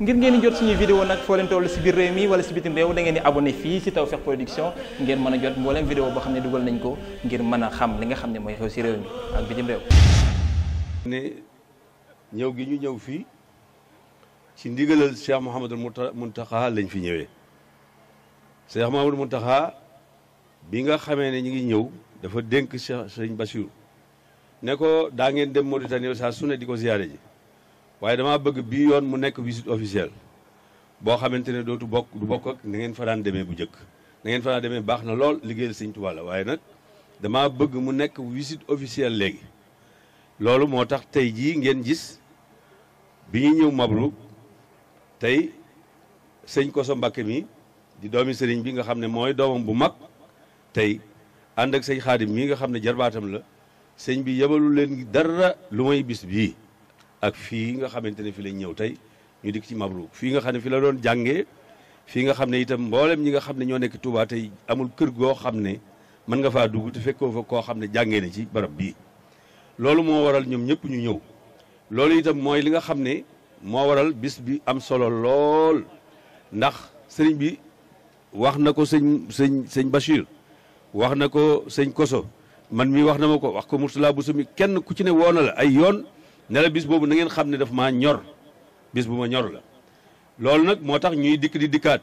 ngir ngeen jot suñuy vidéo nag foo leen toll si biir réew mi wala si bitim réew da ngeen di abonné fii si Tawfekh Production ngeen mën a jot mbooleem vidéo boo xam ne dugal nañ ko ngir mën a xam li nga xam ne mooy xew si réew mi ak bitim réew ne ñëw gi ñu ñëw fii ci ndigalal Cheikh mun Mountakha lañ fi ñëwee Cheikh Mouhamadul taxa bi nga xamee ne ñu ngi ñëw dafa dénk Cheikh Sëriñ Bassirou ne ko daa ngeen dem Mauritanie saa su ne di ko ziyaare ji waaye damaa bëgg bii yoon mu nekk visite officielle boo xamante ne dootu bokk du bokk ak na ngeen fa demee bu njëkk na ngeen fa daan demee baax na lool liggéeyal Sëñ Tuubaa waaye nag damaa bëgg mu nekk visite officielle léegi loolu moo tax tey jii ngeen gis bi ñuy ñëw Mabrouk tey sëñ Koso Mbakke mi di doomi sëriñ bi nga xam ne mooy doomam bu mag tey ànd ak sëñ Xaadim mii nga xam ne jarbaatam la sëñ bi yebalu leen dara lu may bis bii ak fii nga xamante ne fi lañ ñëw tey ñu dikk ci Mabrouk fii nga xam ne fi la doon jàngee fii nga xam ne itam mbooleem ñi nga xam ne ñoo nekk Touba tey amul kër goo xam ne mën nga faa dugg te fekkoo fa koo xam ne jàngee na ci barab bii loolu moo waral ñoom ñëpp ñu ñëw loolu itam mooy li nga xam ne moo waral bis bi am solo lool ndax sëriñ bi wax na ko sëñ sëñ sëñ Bachir wax na ko sëñ Koso man mii wax na ma ko wax ko Mourtala bu sumi kenn ku ci ne woona ay yoon ne bis boobu na ngeen xam ne dafa maa ñor bis bu ma ñor la loolu nag moo tax ñuy dikk di dikkaat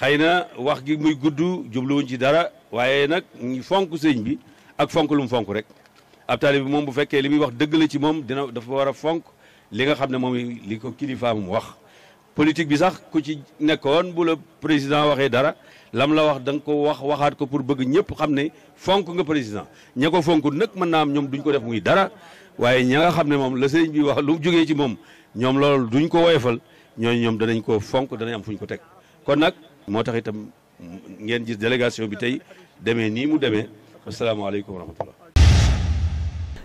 xëy na wax gi muy gudd jubluwuñ ci dara waaye nag ñu fonk sëñ bi ak fonk lu mu fonk rek ab taalibe bi moom bu fekkee li muy wax dëgg la ci moom dina dafa war a fonk li nga xam ne moom li ko kilifaamu wax politique bi sax ku ci nekkoon bu la président waxee dara lam la wax da nga ko wax waxaat ko pour bëgg ñëpp xam ne fonk nga président ña ko fonk nag mën naa am ñoom duñ ko def muy dara waaye ña nga xam ne moom la sëriñ bi wax lu jógee ci moom ñoom loolu duñ ko woyofal ñooñu ñoom danañ ko fonk danañ am fuñ ko teg kon nag moo tax itam ngeen gis délégation bi tey demee nii mu demee asalaamaaleykum wa rahmatullah